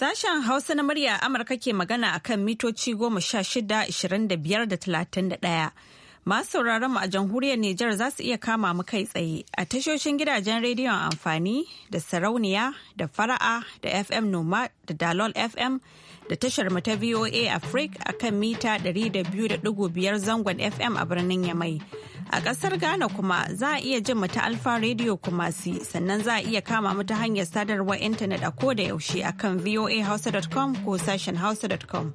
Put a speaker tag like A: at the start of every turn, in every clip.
A: Sashen Hausa na murya Amurka ke magana a kan mitoci goma sha shida, ishirin da biyar da talatin da ɗaya. Masu sauraron mu a jamhuriyar Nijar za su iya kama mu kai tsaye a tashoshin gidajen rediyon amfani da sarauniya da fara'a da FM Noma da Dalol FM da tashar mu ta VOA Africa a kan mita 200.5 zangon FM a birnin Yamai. A ƙasar Ghana kuma za a iya jin mu ta Alfa Radio Kumasi sannan za a iya kama mu ta hanyar sadarwar intanet a koda yaushe a kan voahausa.com ko sashen hausa.com.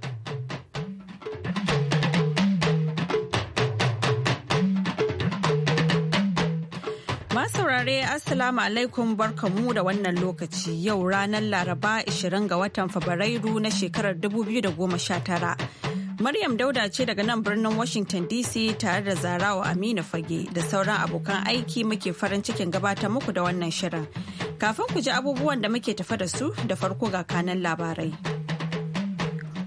A: saurare Assalamu alaikum barkamu da wannan lokaci yau ranar Laraba 20 ga watan Fabrairu na shekarar 2019. Maryam Dauda ce daga nan birnin Washington DC tare da Zarawa Aminu Fage da sauran abokan aiki muke farin cikin gabatar muku da wannan shirin. Kafin ku ji abubuwan da muke tafa da su da farko ga kanan labarai.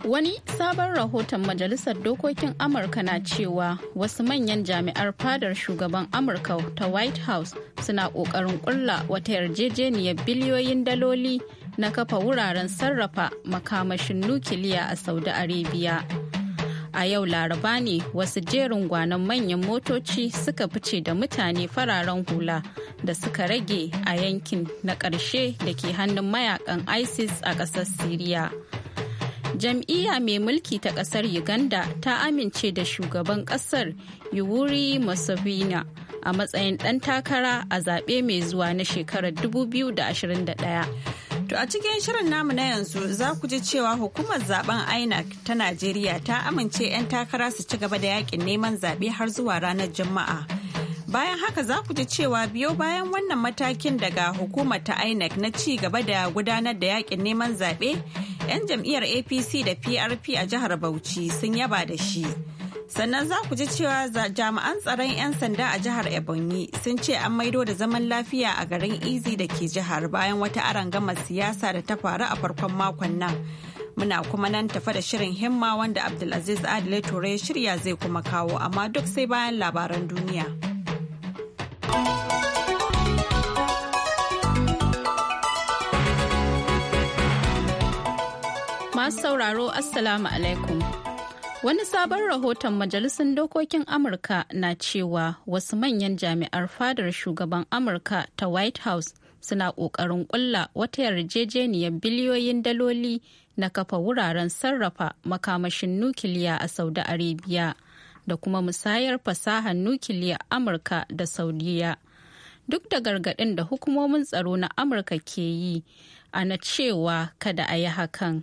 B: Wani sabon rahoton Majalisar Dokokin Amurka na cewa wasu manyan jami'ar fadar shugaban Amurka ta White House suna ƙoƙarin ƙulla wata yarjejeniyar biliyoyin daloli na kafa wuraren sarrafa makamashin nukiliya a Saudi Arabia. A yau laraba ne wasu jerin gwanon manyan motoci suka fice da mutane fararen hula da suka rage a yankin na ƙarshe da ke hannun mayakan ISIS a ƙasar Siriya. jam'iyya mai mulki ta kasar uganda ta amince da shugaban kasar yuwuri masovina a matsayin ɗan takara a zaɓe mai zuwa na shekarar 2021 To a cikin shirin
A: namu na yanzu za ku ji cewa
B: hukumar zaben INEC ta
A: Najeriya ta amince 'yan takara su ci gaba da yakin neman zaɓe har zuwa ranar Juma'a. Bayan haka za ku ji cewa biyo bayan wannan matakin daga hukumar ta INEC na ci gaba da gudanar da yakin neman zaɓe 'Yan jam'iyyar APC da PRP a jihar Bauchi sun yaba da shi. Sannan za ku ji cewa jami'an tsaron 'yan sanda a jihar Ebonyi sun ce an maido da zaman lafiya a garin Izi da ke jihar bayan wata gama siyasa da ta faru a farkon makon nan. Muna kuma nan tafa da shirin himma wanda Abdulaziz Adile Ture shirya zai kuma kawo amma duk sai bayan labaran duniya.
B: masu sauraro Assalamu alaikum. Wani sabon rahoton Majalisun Dokokin Amurka na cewa wasu manyan jami'ar fadar shugaban Amurka ta White House suna ƙoƙarin ƙulla wata yarjejeniyar biliyoyin daloli na kafa wuraren sarrafa makamashin nukiliya a Saudi Arabia da kuma musayar fasahar nukiliya Amurka da Saudiya. Duk da gargaɗin da hukumomin tsaro na Amurka ke yi, ana cewa kada a yi hakan.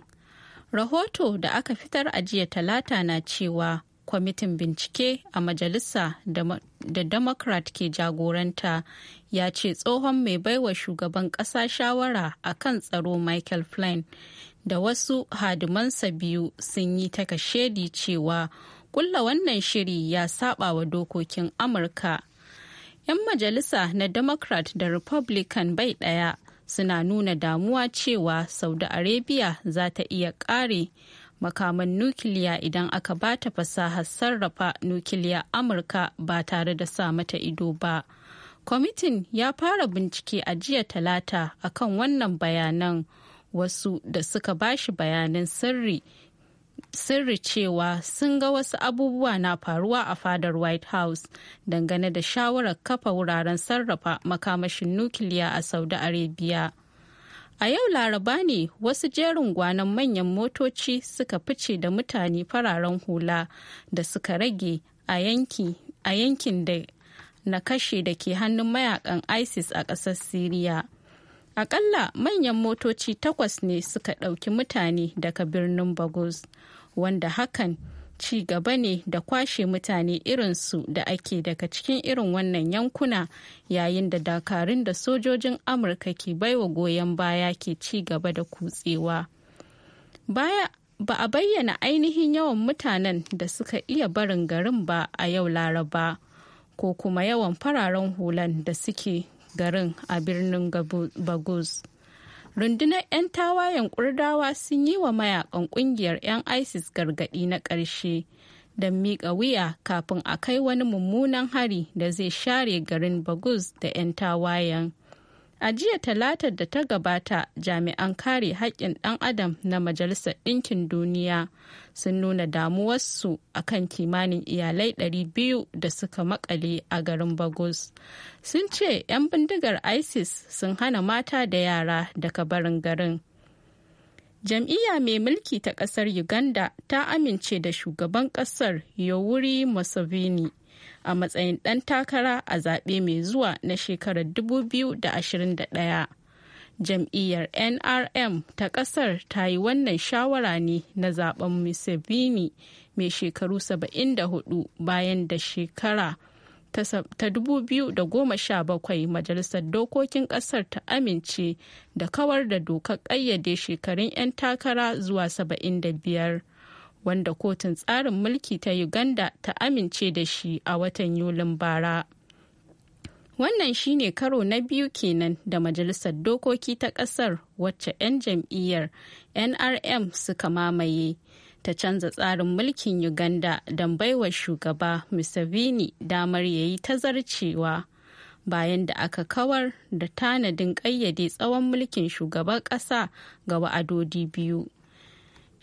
B: rahoto da aka fitar a jiya talata na cewa kwamitin bincike a majalisa da democrat ke jagoranta ya ce tsohon mai baiwa shugaban ƙasa shawara a kan tsaro michael flynn da wasu hadimansa biyu sun yi takashedi cewa kulla wannan shiri ya saba wa dokokin amurka 'yan majalisa na democrat da republican bai daya suna nuna damuwa cewa saudi arabia za ta iya kare makaman nukiliya idan aka ba ta fasahar sarrafa nukiliya amurka ba tare da sa mata ido ba kwamitin ya fara bincike a jiya talata akan wannan bayanan wasu da suka bashi bayanan sirri sirri cewa sun ga wasu abubuwa na faruwa a fadar white house dangane da shawarar kafa wuraren sarrafa makamashin nukiliya a saudi arabia a yau laraba ne wasu jerin gwanon manyan motoci suka fice da mutane fararen hula da suka rage a yankin da na kashe da ke hannun mayakan isis a ƙasar syria akalla manyan motoci takwas ne suka ɗauki mutane daga birnin bagos wanda hakan ci gaba ne da kwashe mutane irinsu da ake daga cikin irin wannan yankuna yayin da dakarun da sojojin amurka ke baiwa goyon baya ke ci gaba da kutsewa baya ba a bayyana ainihin yawan mutanen da suka iya barin garin ba a yau laraba ko kuma yawan fararen hulan da suke garin a birnin bagos rundunar 'yan tawayen kurdawa sun yi wa mayakan kungiyar 'yan isis gargadi na ƙarshe don miƙa wuya kafin a kai wani mummunan hari da zai share garin bagus da 'yan tawayen A jiya talatar da ta gabata jami'an kare haƙƙin ɗan adam na Majalisar Ɗinkin Duniya sun nuna damuwarsu a kan kimanin iyalai 200 da suka makale a garin Bagos. Sun ce 'yan bindigar ISIS sun hana mata da yara daga barin garin. jam'iyya mai mulki ta ƙasar uganda ta amince da shugaban ƙasar yowuri museveni a matsayin ɗan takara a zaɓe mai zuwa na shekarar 2021. Jam'iyyar NRM ta ƙasar ta yi wannan shawara ne na zaɓen Museveni mai shekaru 74 bayan da shekara ta 2017 majalisar dokokin ƙasar ta amince da kawar da dokar ƙayyade shekarun 'yan takara zuwa 75 wanda kotun tsarin mulki ta uganda ta amince da shi a watan yulin bara wannan shine karo na biyu kenan da majalisar dokoki ta kasar wacce 'yan jam'iyyar nrm suka mamaye ta canza tsarin mulkin uganda don baiwa shugaba museveni damar ya yi tazarcewa bayan da aka kawar da tanadin ƙayyade tsawon mulkin shugaban ƙasa ga wa'adodi biyu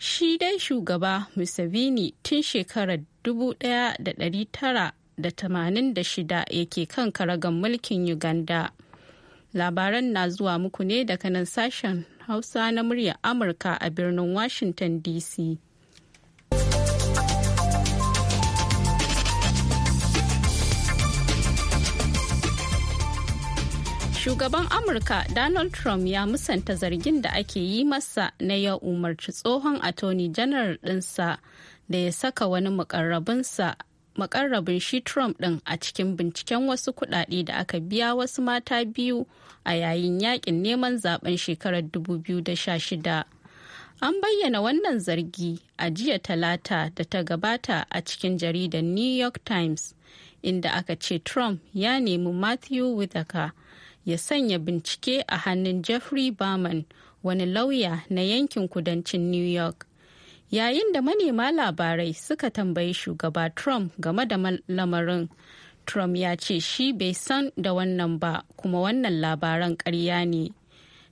B: shi dai shugaba museveni tun shekarar 1986 yake kan karagan mulkin uganda labaran na zuwa muku ne daga nan sashen hausa na murya amurka a birnin washington dc Shugaban Amurka Donald Trump ya musanta zargin da ake yi masa na ya umarci tsohon Attorney General ɗinsa da ya saka wani makarrabinsa makarrabin shi Trump ɗin a cikin binciken wasu kuɗaɗe da aka biya wasu mata biyu a yayin yakin neman zaben shekarar 2016. An bayyana wannan zargi a jiya talata da ta gabata a cikin jaridar New York Times, inda aka ce Trump ya nemi Matthew Whitaker ya sanya bincike a hannun Jeffrey Berman, wani lauya na yankin kudancin New York. Yayin da manema labarai suka tambayi shugaba Trump game da lamarin, Trump ya ce shi bai san da wannan ba kuma wannan labaran karya ne.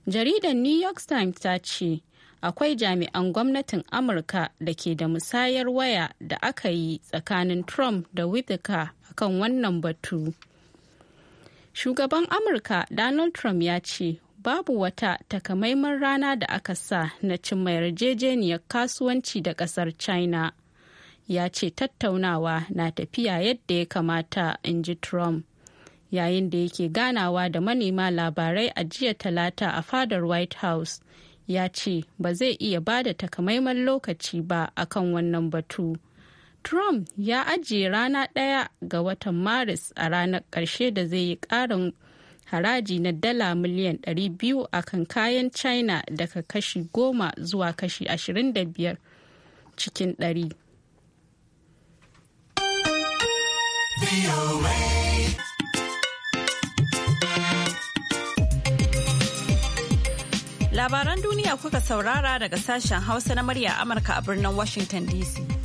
B: Jaridar New York Times ta ce, akwai jami'an gwamnatin amurka da ke da musayar waya da aka yi tsakanin trump da whitaker akan wannan batu Shugaban Amurka Donald Trump ya ce babu wata takamaiman rana da aka sa na cimma yarjejeniyar kasuwanci da ƙasar China. Ya ce tattaunawa na tafiya yadda ya kamata, in ji Trump. Yayin da yake ganawa da manema labarai a jiya talata a fadar White House, ya ce ba zai iya ba da takamaiman lokaci ba akan wannan batu. Trump ya ajiye rana ɗaya ga watan Maris a ranar ƙarshe da zai yi ƙarin haraji na dala miliyan 200 a kan kayan China daga kashi 10 zuwa kashi 25 cikin 100.
A: Labaran duniya kuka saurara daga sashen Hausa na murya Amurka a birnin Washington DC.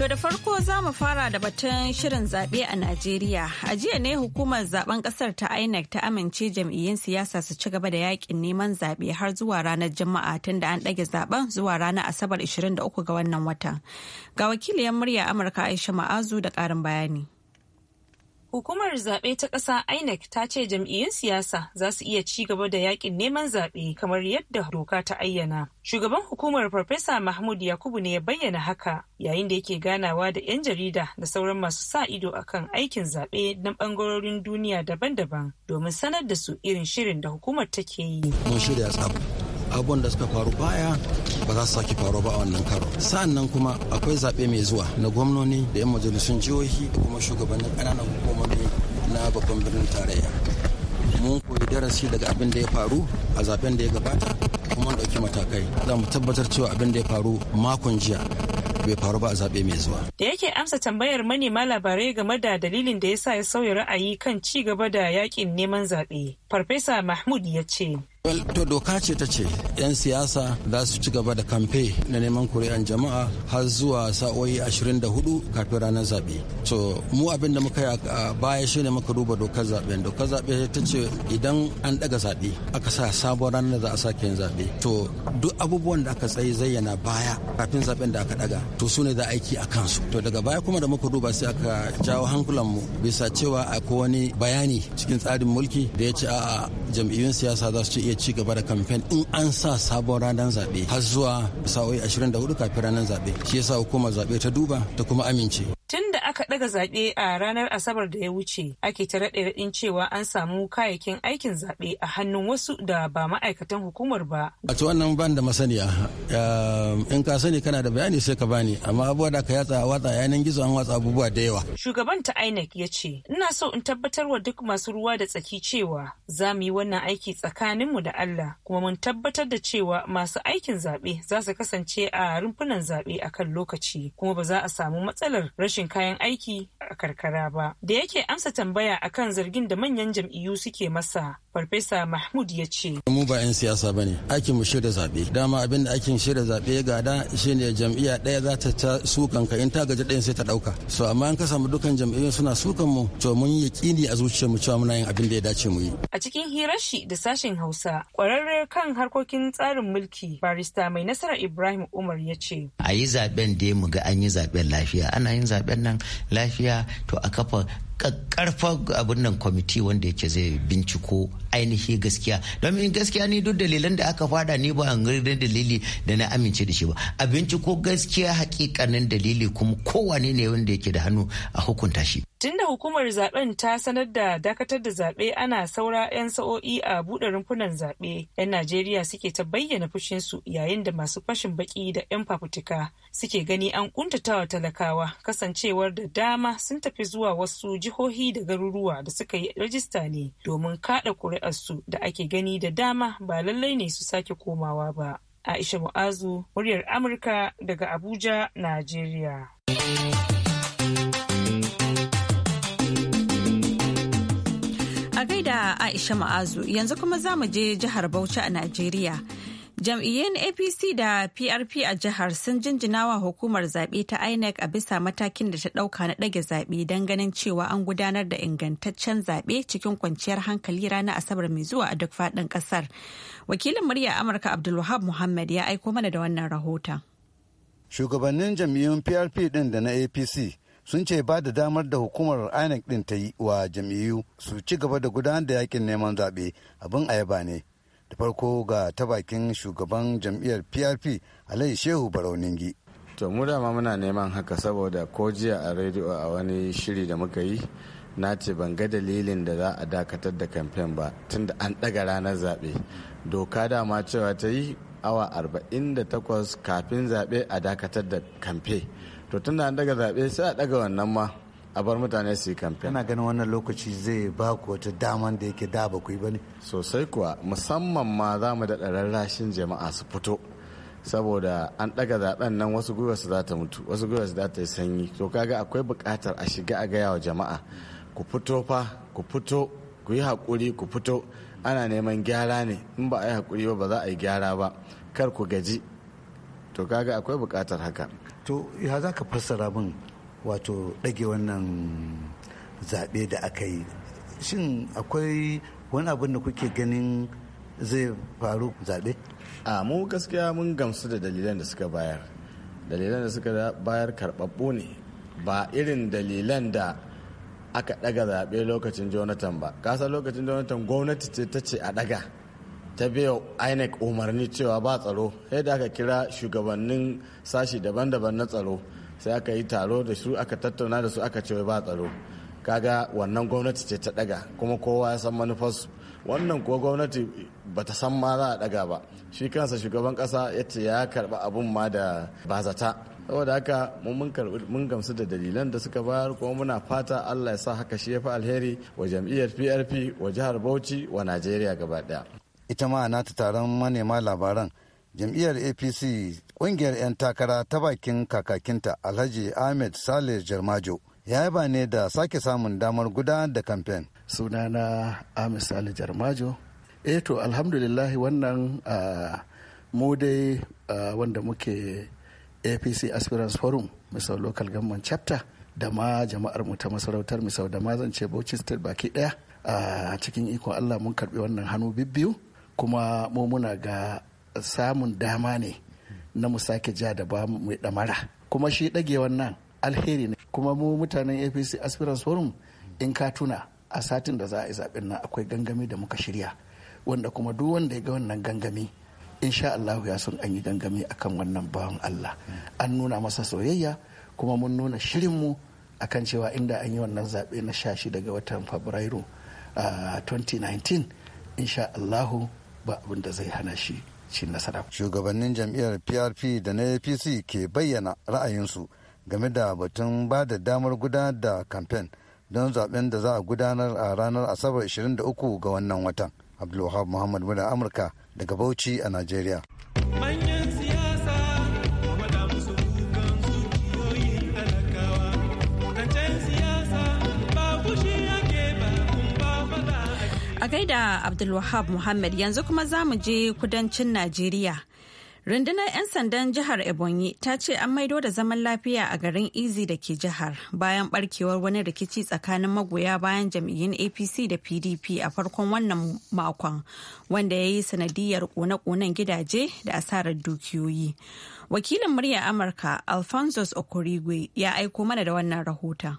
A: To da farko za mu fara da batun shirin zaɓe a Najeriya. A jiya ne hukumar zaben ƙasar ta INEC ta amince jam'iyyun siyasa su ci gaba da yakin neman zaɓe har zuwa ranar Juma'a tun da an ɗage zaben zuwa ranar Asabar 23 ga wannan watan. Ga wakiliyar murya Amurka Aisha Ma'azu da ƙarin bayani.
C: Hukumar zaɓe ta ƙasa INEC ta ce jam'iyyun siyasa za su iya ci gaba da yakin neman zaɓe kamar yadda doka ta ayyana. Shugaban hukumar Farfesa Mahmud Yakubu ne ya bayyana haka yayin da yake ganawa da 'yan jarida da sauran masu sa ido akan aikin zaɓe na ɓangarorin duniya daban-daban domin sanar da su irin shirin da hukumar take yi.
D: abubuwan da suka faru baya ba za su sake faru ba a wannan karo sa'an nan kuma akwai zaɓe mai zuwa na gwamnoni da 'yan majalisun jihohi da kuma shugabannin ƙananan hukumomi na babban birnin tarayya mun koyi darasi daga abin da ya faru a zaben da ya gabata kuma ɗauki matakai za mu tabbatar cewa abin da ya faru makon jiya bai faru ba a zaɓe mai zuwa.
C: Da yake amsa tambayar manema labarai game da dalilin da ya sa ya sauya ra'ayi kan ci gaba da yakin neman zaɓe. Farfesa Mahmud ya ce.
D: to doka ce ta ce 'yan siyasa za su ci gaba da kamfe na neman kuri'an jama'a har zuwa sa'o'i 24 kafin ranar zaɓe to mu abin da muka a baya shine muka duba dokar zaɓe dokar zaɓe ta ce idan an daga zaɓe aka sa sabon ranar da za a sake yin zaɓe to duk abubuwan da aka tsaye zayyana baya kafin zaɓen da aka daga to su ne za aiki a kansu to daga baya kuma da muka duba sai aka jawo mu bisa cewa akwai wani bayani cikin tsarin mulki da ya ce a jam'iyyun siyasa za su ci iya ci gaba da kamfen in an sa sabon ranar zaɓe har zuwa sa'o'i 24 kafin ranar zaɓe shi yasa hukumar zaɓe ta duba ta kuma amince.
C: Tun aka daga zaɓe a ranar Asabar da ya wuce ake ta raɗe raɗin cewa an samu kayayyakin aikin zaɓe a hannun wasu da ba ma'aikatan hukumar ba.
D: A to wannan ban da masaniya ehm, in ka sani kana da bayani sai ka bani amma abubuwa da ka yatsa watsa yanan gizo an watsa abubuwa da yawa.
C: Shugaban ta INEC ya ce ina so in tabbatar wa duk masu ruwa da tsaki cewa za mu yi wannan aiki tsakaninmu da Allah kuma mun tabbatar da cewa masu aikin zaɓe za su kasance a rumfunan zaɓe kan lokaci kuma ba za a samu matsalar rashin kayan aiki a karkara ba da yake amsa tambaya akan zargin da manyan jam'iyyu suke masa Farfesa Mahmud ya ce.
D: Mu ba 'yan siyasa ba ne, aikin mu shirya zaɓe. Dama abin da aikin shirya zaɓe ya gada shi ne jam'iyya ɗaya za ta ta sukan ka in ta gaji ɗayan sai ta ɗauka. So amma an ka samu dukkan jam'iyyun suna sukan mu to mun yi yaƙini a mu cewa muna yin abin da ya dace mu yi.
C: A cikin hirar shi da sashen Hausa, ƙwararre kan harkokin tsarin mulki barista mai nasarar Ibrahim Umar ya ce.
D: A yi
E: zaɓen da mu ga an yi zaɓen lafiya, ana yin zaɓen nan lafiya to a kafa karfa abin nan kwamiti wanda yake zai binciko ainihi gaskiya domin gaskiya ni duk dalilan da aka fada ni ba an gari dalili da na amince da shi ba a binciko gaskiya hakikanin dalili kuma kowane ne wanda yake da hannu a hukunta shi
C: tunda hukumar zaben ta sanar da dakatar da zaɓe ana saura 'yan sa'o'i a buɗe rumfunan zaɓe 'yan najeriya suke ta bayyana fushinsu yayin da masu fashin baki da 'yan fafutuka suke gani an kuntatawa talakawa kasancewar da dama sun tafi zuwa wasu jihohi da garuruwa da suka yi rajista ne domin kada kuri'arsu da ake gani da dama ba lallai ne su sake komawa ba. Aisha Mu'azu, muryar Amurka daga Abuja, Najeriya.
A: A gaida Aisha Ma'azu yanzu kuma za mu je jihar Bauchi a Najeriya jam'iyyun apc da prp a jihar sun jinjina wa hukumar zaɓe ta inec a bisa matakin da ta ɗauka na ɗage zaɓe don ganin cewa an gudanar da ingantaccen zaɓe cikin kwanciyar hankali ranar asabar mai zuwa a duk faɗin ƙasar wakilin murya amurka abdulwahab muhammad ya aiko mana da wannan rahoton
F: shugabannin jam'iyyun prp ɗin da na apc sun ce ba da damar da hukumar inec ɗin ta yi wa jam'iyyu su ci gaba da gudanar da yakin neman zaɓe abin ayaba ne da farko ga ta bakin shugaban jam'iyyar prp alai shehu barauningi to mu dama muna neman haka saboda ko jiya a rediyo a wani shiri da muka yi na ce ban ga dalilin da za a dakatar da kamfen ba tunda an ɗaga ranar zaɓe doka dama cewa ta yi awa 48 kafin zaɓe a dakatar da kamfe to tunda an daga zaɓe sai a daga wannan ma a bar mutane su yi kamfen. Ana ganin wannan lokaci zai ba ku wata daman da yake da ba ba ne. Sosai kuwa musamman ma za mu daɗa rarrashin jama'a su fito. saboda an ɗaga zaɓen nan wasu gwiwa su za ta mutu wasu gwiwa su za ta yi sanyi to kaga akwai buƙatar a shiga a gaya wa jama'a ku fito fa ku fito ku yi haƙuri ku fito ana neman gyara ne in ba a yi haƙuri ba ba za a yi gyara ba kar ku gaji to kaga akwai buƙatar haka to ya za ka fassara min wato ɗage wannan zaɓe da aka yi shin akwai wani abin da kuke ganin zai faru zaɓe a mu gaskiya mun gamsu da dalilan da suka bayar dalilan da suka bayar karɓaɓɓo ne ba irin dalilan da aka ɗaga zaɓe lokacin jonathan ba kasa lokacin jonathan gwamnati ce ta ce a ɗaga ta biya inec umarni cewa ba tsaro yadda aka kira shugabannin sashi daban-daban na tsaro sai aka yi taro da su aka tattauna da su aka ce ba tsaro kaga wannan gwamnati ce ta daga kuma kowa ya san manufarsu wannan kuwa gwamnati ba ta san ma za a daga ba shi kansa shugaban kasa ya ce ya karba abun ma da bazata saboda haka mun gamsu da dalilan da suka bayar kuma muna fata allah ya sa haka shi ya fi alheri wa jam'iyyar prp wa jihar bauchi wa najeriya gaba daya ita ma nata taron manema labaran jam'iyyar apc ƙungiyar 'yan takara ta bakin kakakinta alhaji ahmed Sale jarmajo ya ba ne da sake samun damar gudanar da kamfen sunana ahmed saleh jarmajo e to alhamdulillahi wannan mu dai wanda muke apc aspirants forum misau local government chapter da ma jama'ar mu ta masarautar misau da ma zan ce bauchi state baki daya a cikin ikon allah mun karbi wannan hannu biyu-biyu kuma mu muna ga samun dama ne na mu sake ja da ba mu damara kuma shi dage wannan alheri ne kuma mu mutanen apc aspirants forum in ka tuna a satin da za a yi zaɓen nan akwai gangami da muka shirya wanda kuma duk wanda ya ga wannan gangami insha allahu ya sun an yi gangami akan wannan bawan Allah an nuna masa soyayya kuma mun nuna shirinmu akan cewa inda an yi wannan zaɓe na sha shi daga watan Fabrairu a 2019 insha Allahu ba abin da zai hana shi nasara. Shugabannin jam'iyyar PRP da na APC ke bayyana ra'ayinsu game da batun ba da damar gudanar da kamfen don zaben da za a gudanar a ranar Asabar 23 ga wannan watan. Abdulwahab Muhammad Muna Amurka daga Bauchi a Najeriya.
A: da Abdulwahab Muhammad yanzu kuma za mu je kudancin Najeriya. Rundunar 'yan sandan jihar Ebonyi ta ce an maido da zaman lafiya a garin Izi da ke jihar bayan barkewar wani rikici tsakanin magoya bayan jam'iyyun APC da PDP a farkon wannan makon wanda ya yi sanadiyar kone-konen gidaje da asarar dukiyoyi. Wakilin murya Amurka Alphonsus Okorigwe ya aiko mana da wannan rahoton.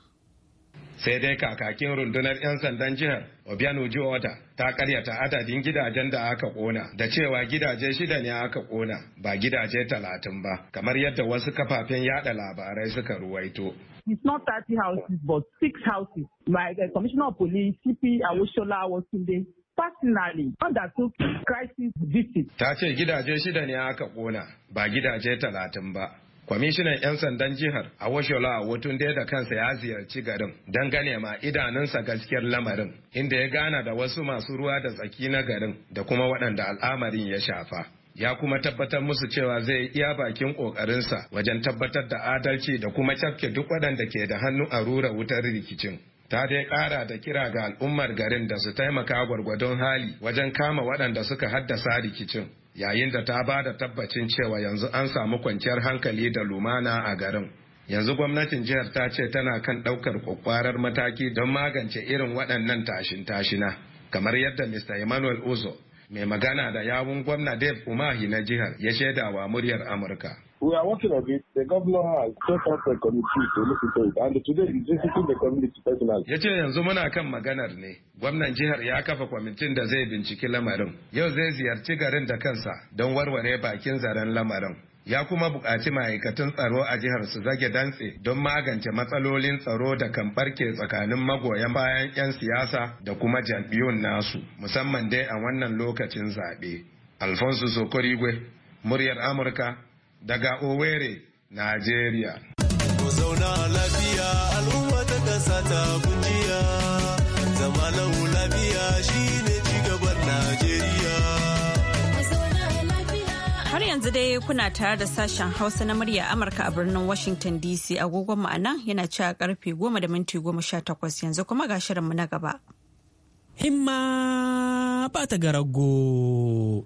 G: Sai dai kakakin rundunar 'yan sandan jihar Obiano Jiwata ta karyata adadin gidajen da aka kona da cewa gidaje shida ne aka kona ba gidaje talatin ba kamar yadda wasu kafafen yada labarai suka ruwaito. It's not 30 houses but 6 houses. My uh,
E: commissioner of police, CP Awoshola Awotunde, personally undertook crisis
G: visit. Ta ce gidaje shida ne aka kona ba gidaje talatin ba. Kwamishinan 'yan sandan jihar a Awotunde da kansa ya ziyarci garin don gane ma idanunsa gaskiyar lamarin inda ya gana da wasu masu ruwa da tsaki na garin da kuma waɗanda al'amarin ya shafa. Ya kuma tabbatar musu cewa zai iya bakin ƙoƙarinsa wajen tabbatar da adalci da kuma cafke duk waɗanda ke da hannu a rura wutar rikicin. ta dai ƙara da kira ga al'ummar garin da su taimaka gwargwadon hali wajen kama waɗanda suka haddasa rikicin yayin da ta ba da tabbacin cewa yanzu an samu kwanciyar hankali da lumana a garin yanzu gwamnatin jihar ta ce tana kan ɗaukar kwakwarar mataki don magance irin waɗannan tashin-tashina kamar yadda mr emmanuel uzo mai magana da yawun gwamna dave umahi na jihar ya shaidawa muryar amurka We are working on it. The governor has set up a committee to look into it. And today is visiting the community personally. Ya ce yanzu muna kan maganar ne. Gwamnan jihar ya kafa kwamitin da zai binciki lamarin. Yau zai ziyarci garin da kansa don warware bakin zaren lamarin. Ya kuma buƙaci ma'aikatan tsaro a jihar su zage dantse don magance matsalolin tsaro da kan barke tsakanin magoyan bayan 'yan siyasa da kuma jam'iyyun nasu, musamman dai a wannan lokacin zaɓe. Alfonso Sokorigwe, muryar Amurka, daga Owerri, Najeriya.
F: Ku zauna al'umma shine Najeriya.
A: Har yanzu dai kuna tare da sashen Hausa na murya Amurka a birnin Washington DC agogon ma'ana yana cewa karfe goma da minti goma sha takwas yanzu kuma ga shirinmu na gaba.
H: Himma ba ta garago.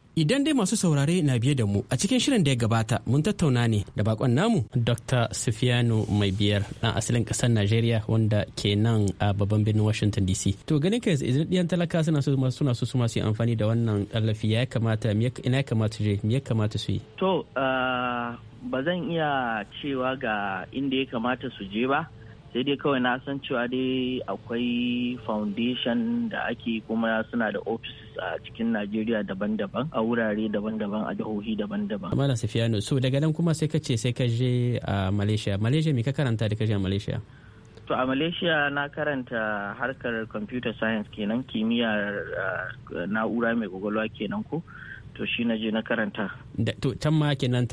H: Idan dai masu saurare na biye da mu a cikin shirin da ya gabata mun tattauna ne da bakon namu. Dr. Sufiyanu mai biyar na asalin kasar Najeriya wanda ke nan a babban birnin Washington DC. To ganin kai idan ɗiyan talaka suna so suna so su masu amfani da wannan tallafi ya kamata ina ya kamata je ya kamata su yi.
E: To ah, ba zan iya cewa ga inda ya kamata su je ba. sai dai kawai na san cewa dai akwai foundation da ake kuma suna da offices a cikin najeriya daban-daban a wurare daban-daban a jihohi daban-daban mala
H: safiyanu so daga nan kuma sai ka ce sai ka je a malaysia malaysia me ka karanta da ka je a malaysia
E: to a malaysia na karanta harkar computer science kenan kimiyyar na'ura mai kwakwalwa kenan ko to shi na je na karanta
H: da to can ma kenan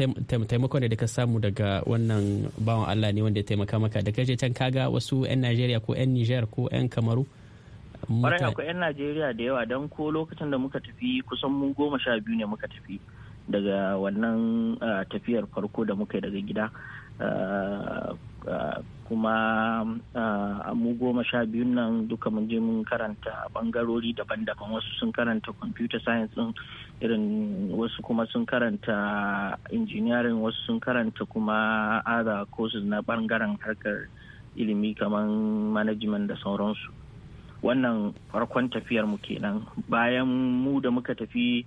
H: taimakon da ka samu daga wannan bawan Allah ne wanda ya taimaka maka da kaje can kaga wasu 'yan Najeriya ko 'yan Nijar ko 'yan Kamaru Kwarai akwai
E: 'yan Najeriya da yawa don ko lokacin da muka tafi kusan mun goma sha biyu ne muka tafi daga wannan ah, tafiyar farko da muka yi daga gida ah, ah, kuma mu goma sha biyun nan duka mun je mun karanta bangarori daban-daban wasu sun karanta computer science din irin wasu kuma sun karanta engineering wasu sun karanta kuma other courses na bangaren harkar ilimi kamar management da sauransu wannan farkon tafiyar mu kenan bayan mu da muka tafi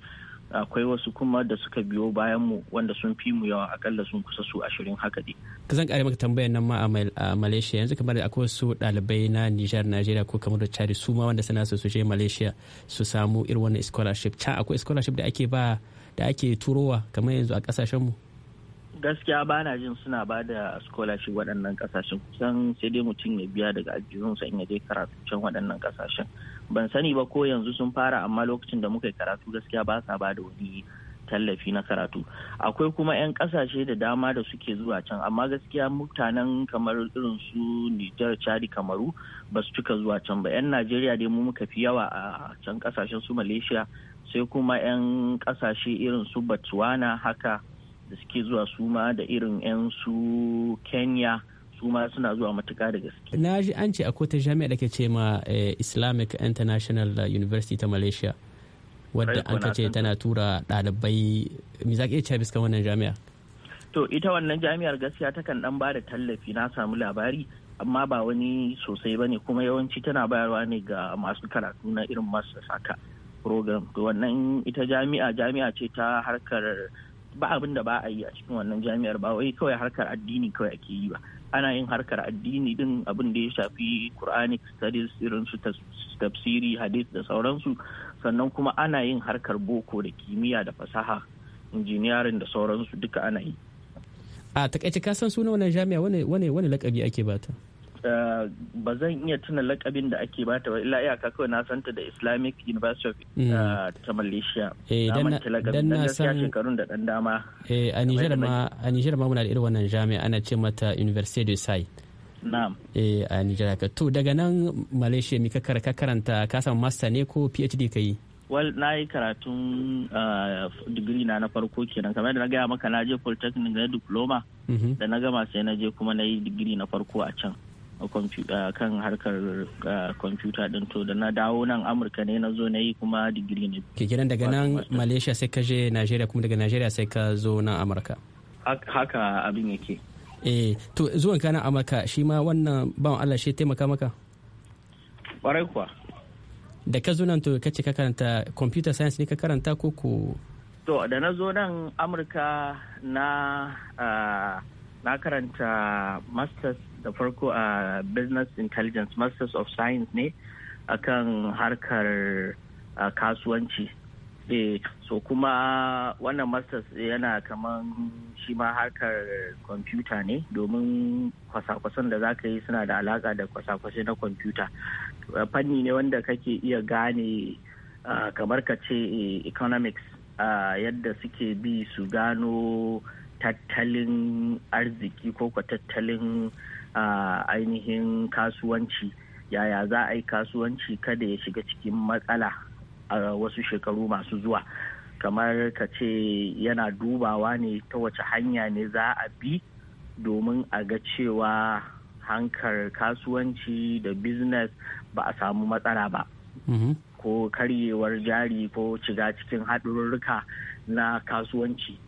E: akwai wasu kuma da suka biyo bayan mu wanda sun fi mu yawa akalla sun kusa su ashirin haka dai.
H: ka zan kare maka tambayar nan ma a malaysia yanzu kamar da akwai wasu dalibai na nijar najeriya ko kamar da chari su ma wanda suna sosai su je malaysia su samu irin wannan scholarship can akwai scholarship da ake ba da ake turowa kamar yanzu a kasashen mu.
E: gaskiya ba na jin suna ba da scholarship waɗannan kasashen kusan sai dai mutum ya biya daga ajiyunsa in ya je karatu can waɗannan kasashen. ban sani ba ko yanzu sun fara amma lokacin da muka yi karatu gaskiya ba sa ba da wani tallafi na karatu akwai kuma 'yan kasashe da dama da suke zuwa can amma gaskiya mutanen kamar irin su nijar chadi kamaru ba su cika zuwa can ba 'yan najeriya dai mu muka fi yawa a can kasashen su malaysia sai kuma 'yan kasashe irin su botswana haka da suke zuwa suma da irin 'yan su kenya su ma suna zuwa matuka da gaske.
H: Na ji an ce akwai ta jami'a da ke ce ma eh, Islamic International University ta Malaysia wadda an ka ce tana tura ɗalibai mi za ka iya wannan jami'a?
E: To ita wannan jami'ar gaskiya takan ɗan ba da tallafi na samu labari amma ba wani sosai ba ne kuma yawanci tana bayarwa ne ga masu karatu na irin masu saka program. To wannan ita jami'a jami'a ce ta harkar ba abin da ba a yi a cikin wannan jami'ar ba wai kawai harkar addini kawai ake yi ba ana yin harkar addini din abin da ya shafi quranic studies irin su tafsiri hadith da sauransu sannan kuma ana yin harkar boko da kimiyya da fasaha injiniyarin da sauransu duka ana yi
H: a takaice ka san suna wannan jami'a wani wane lakabi ake bata
E: ba zan iya tuna lakabin da ake bata ba illa iyaka kawai na santa da Islamic University of mm. uh, ta Malaysia. Eh, dan na san shekarun da dan dama.
H: Eh, a nijar ma muna da irin wannan jami'a ana ce mata University de Sai. Na'am. Eh, a nijar ka to daga nan Malaysia mi ka karanta ka samu master ne ko PhD ka yi?
E: wal na yi karatun uh, digiri na na farko kenan kamar da na gaya maka na je polytechnic na diploma mm-hmm. da na gama sai na je kuma na yi digiri na farko a can kan harkar kwamfuta din to da na dawo nan amurka ne na zo na yi kuma digiri ne
H: ke daga nan malaysia sai ka je nigeria kuma daga nigeria sai ka zo nan amurka haka abin yake eh to zuwan ka nan amurka shi ma wannan ban allah shi taimaka maka kwarai kuwa da ka zo nan to ka ce ka karanta computer science ne ka karanta ko ko
E: to da na zo nan amurka na na karanta masters da farko a business intelligence masters of science ne akan harkar kasuwanci eh, so kuma wannan masters yana kaman shi ma harkar kwamfuta ne domin kwasa-kwasan da zaka yi suna da alaka da kwasa-kwasai na kwamfuta fanni ne wanda kake iya gane kamar ka ce eh, economics yadda suke bi su gano tattalin arziki ko tattalin a ainihin kasuwanci yaya za a yi kasuwanci kada ya shiga cikin matsala a wasu shekaru masu zuwa kamar ka ce yana dubawa ne ta wace hanya ne za a bi domin a ga cewa hankar kasuwanci da business ba a samu matsala ba mm-hmm. ko karyewar jari ko shiga cikin haɗururruka na kasuwanci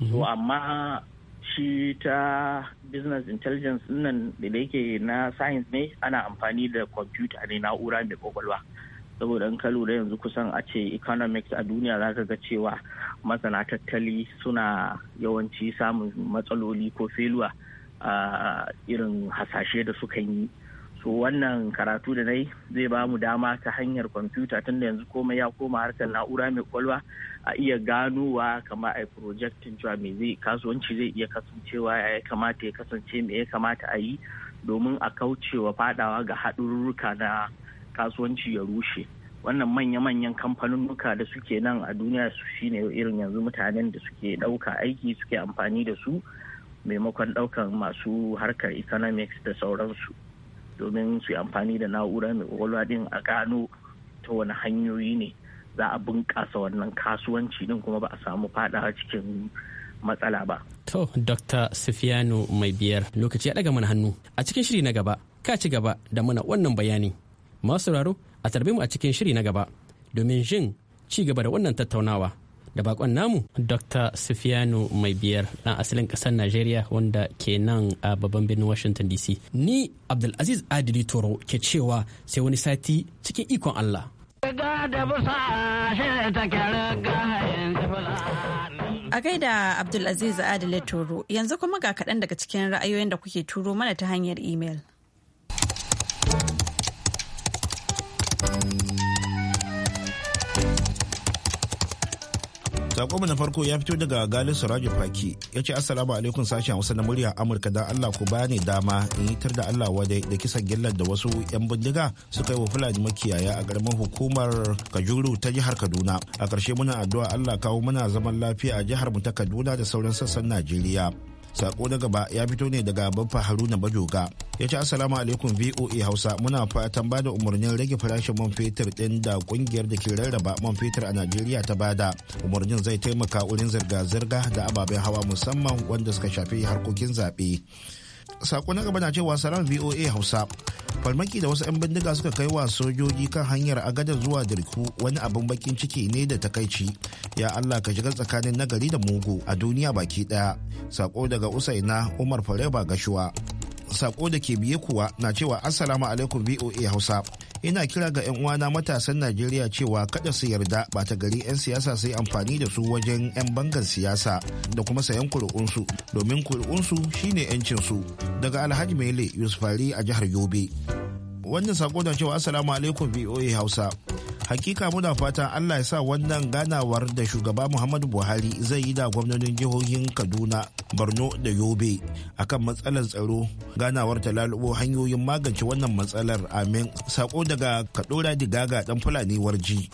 E: so mm-hmm. amma shi ta business intelligence nan da yake na science ne ana amfani da kwamfuta ne na'ura mai kwakwalwa saboda in ka lura yanzu kusan a ce economics a duniya za ka ga cewa masana tattali suna yawanci samun matsaloli ko feluwa a ah, irin hasashe da sukan yi so wannan karatu da na yi zai ba mu dama ta hanyar kwamfuta tun da yanzu komai ya koma harkar na'ura mai kwalwa a iya ganowa kama a projectin cewa mai zai kasuwanci zai iya kasancewa ya kamata ya kasance me ya kamata a yi domin a kaucewa fadawa ga haɗururruka na kasuwanci ya rushe wannan manya-manyan kamfanunuka da suke nan a duniya su shine irin yanzu mutanen da suke ɗauka aiki suke amfani da su maimakon ɗaukan masu harkar economics da sauransu. domin su yi amfani da na'ura mai kwakwalwa din a gano ta wani hanyoyi ne za a bunƙasa wannan kasuwanci din kuma ba a samu fadawa cikin matsala ba.
H: To, Dr. sifiano mai biyar lokaci ya ɗaga mana hannu a cikin shiri na gaba ka ci gaba da mana wannan bayani. Masu sauraro a tarbe mu a cikin shiri na gaba domin jin ci gaba da wannan tattaunawa. da bakon namu dr sufiyanu mai biyar dan asalin kasar najeriya wanda ke nan a babban birnin washington dc ni abdulaziz adili toro ke cewa sai wani sati cikin ikon allah
A: a gaida abdulaziz adili toro yanzu kuma ga kaɗan daga cikin ra'ayoyin da kuke turo mana ta hanyar imel
I: Sakonmu na farko ya fito daga galin Surajo Faki ya ce Assalamu alaikum sashen wasu na murya Amurka da Allah ku bani dama in yi da Allah wadai da kisan gillar da wasu 'yan bindiga suka yi wa Fulani makiyaya a ƙaramin hukumar Kajuru ta jihar Kaduna. A ƙarshe muna addu'a Allah kawo muna zaman lafiya a jihar mu ta Kaduna da sauran sassan Najeriya. sako na gaba ya fito ne daga babba haruna bajoga ya ce assalamu alaikum voa hausa muna fatan bada umarnin rage farashin man fetur din da kungiyar da ke rarraba man fetur a najeriya ta bada umarnin zai taimaka wurin zirga-zirga da ababen hawa musamman wanda suka shafi harkokin zaɓe sako na gaba na cewa salam voa hausa farmaki da wasu 'yan bindiga suka kai wa sojoji kan hanyar agadar zuwa dirku wani abin bakin ciki ne da takaici ya allah ka shiga tsakanin nagari da mugu a duniya baki daya sako daga usaina umar fareba gashuwa sako da ke biye kuwa na cewa assalamu alaikum voa hausa ina kira ga 'yan uwana matasan najeriya cewa kada su yarda ba ta gari 'yan siyasa sai amfani da su wajen 'yan bangan siyasa da kuma sayan kuri'unsu domin kuri'unsu shine 'yancinsu daga alhaji mele yusufari a jihar yobe wannan sako na cewa assalamu alaikum voa hausa hakika muna fata allah ya sa wannan ganawar da shugaba muhammadu buhari zai yi da gwamnonin jihohin kaduna borno da yobe akan matsalar tsaro ganawar ta lalubo hanyoyin magance wannan matsalar amin sako daga kadora digaga dan fulani warji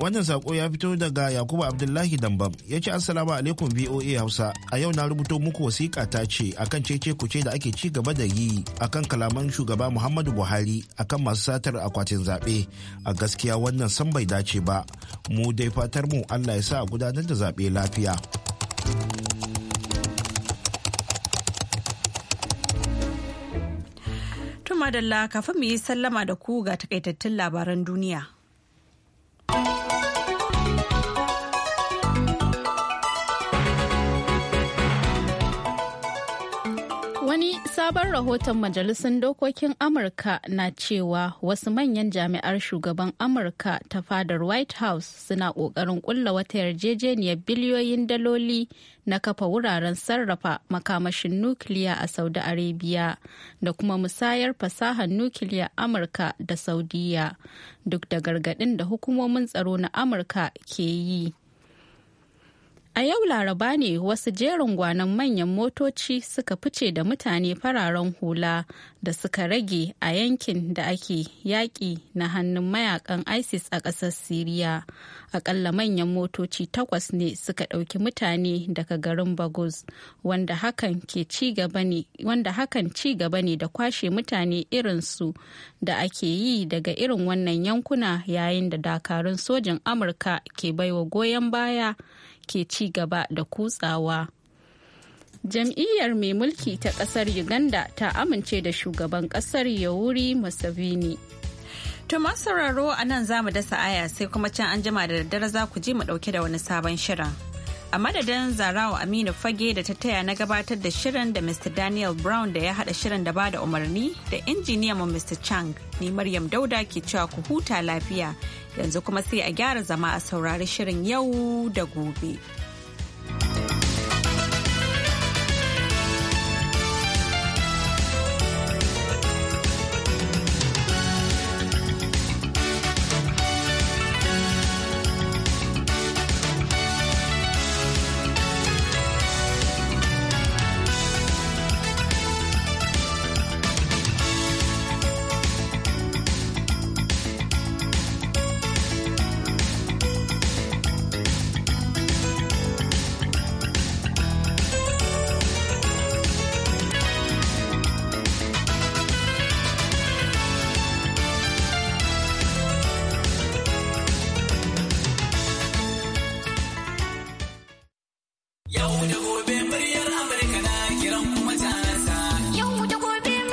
I: wannan sako ya fito daga yakubu abdullahi dambam ya ce assalamu alaikum voa hausa a yau na rubuto muku wasiƙa ta ce akan cece kuce da ake ci gaba da yi akan kalaman shugaba muhammadu buhari akan masu satar akwatin zaɓe a gaskiya wannan san bai dace ba mu dai fatar mu allah ya sa a gudanar da zaɓe lafiya
A: tun madalla kafin mu yi sallama da ku ga takaitattun labaran duniya.
B: sabon rahoton majalisun Dokokin Amurka na cewa wasu manyan jami'ar shugaban Amurka ta fadar White House suna ƙoƙarin ƙulla wata yarjejeniyar biliyoyin daloli na kafa wuraren sarrafa makamashin nukiliya a Saudi Arabia da kuma musayar fasahar nukiliya Amurka da Saudiya duk da gargadin da hukumomin tsaro na Amurka ke yi. A yau Laraba ne wasu jerin gwanon manyan motoci suka fice da mutane fararen hula da suka rage a yankin da ake yaƙi na hannun mayakan ISIS a ƙasar Siriya. Aƙalla manyan motoci takwas ne suka ɗauki mutane daga garin Bagos, wanda hakan ci gaba ne da kwashe mutane irinsu da ake yi daga irin wannan yankuna yayin da dakarun sojin Amurka ke baiwa goyon baya. ke ci gaba da kutsawa. Jam'iyyar mai mulki ta ƙasar Uganda ta amince da shugaban ƙasar yawuri Museveni. To masu sauraro a nan za mu
A: dasa aya sai kuma can an jima da daddare za ku ji mu ɗauke da wani sabon shirin. a madadin zarawa aminu fage da ta taya na gabatar da shirin da mr daniel brown da ya hada shirin da ba da umarni da injiniyan mu mr chang ne maryam dauda ke cewa ku huta lafiya yanzu kuma sai a gyara zama a saurari shirin yau da gobe.